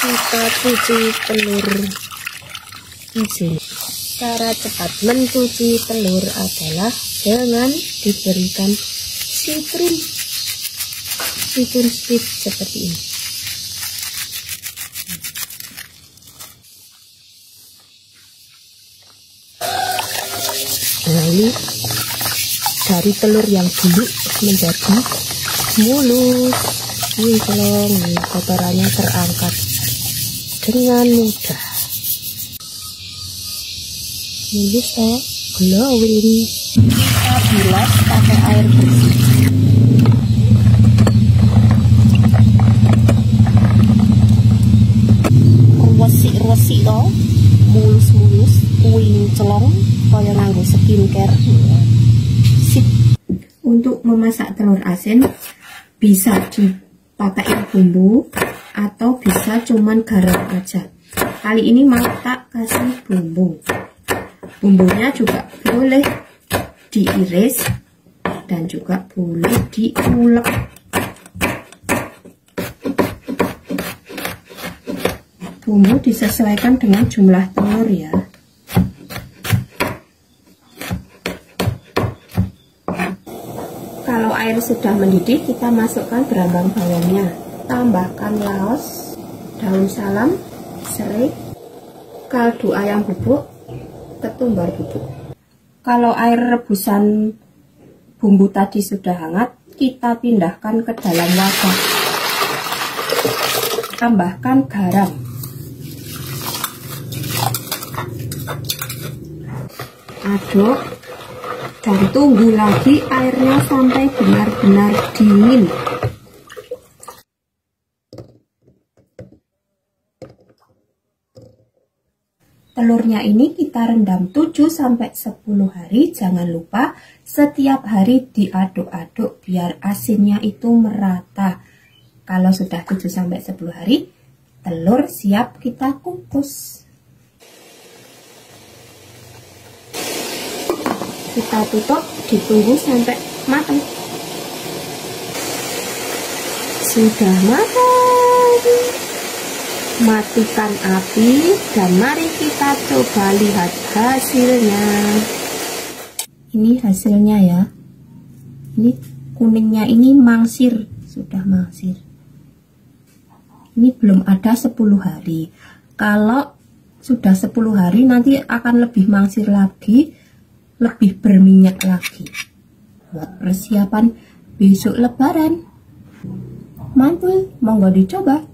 kita cuci telur isi cara cepat mencuci telur adalah dengan diberikan sitrin sitrin stick seperti ini lalu dari telur yang dulu menjadi mulus ini kotorannya terangkat dengan mudah. Bisa glowing. Kita bilas pakai air bersih. Ruwesi-ruwesi to, mulus-mulus, kuing celong, kaya nganggo skincare. Sip. Untuk memasak telur asin bisa dipakai bumbu atau bisa cuman garam aja kali ini mau tak kasih bumbu bumbunya juga boleh diiris dan juga boleh diulek bumbu disesuaikan dengan jumlah telur ya kalau air sudah mendidih kita masukkan berambang bawangnya tambahkan laos, daun salam, serai, kaldu ayam bubuk, ketumbar bubuk. Kalau air rebusan bumbu tadi sudah hangat, kita pindahkan ke dalam wadah. Tambahkan garam. Aduk dan tunggu lagi airnya sampai benar-benar dingin. Telurnya ini kita rendam 7 sampai 10 hari. Jangan lupa setiap hari diaduk-aduk biar asinnya itu merata. Kalau sudah 7 sampai 10 hari, telur siap kita kukus. Kita tutup, ditunggu sampai matang. Sudah matang matikan api dan mari kita coba lihat hasilnya ini hasilnya ya ini kuningnya ini mangsir sudah mangsir ini belum ada 10 hari kalau sudah 10 hari nanti akan lebih mangsir lagi lebih berminyak lagi buat persiapan besok lebaran mantul monggo dicoba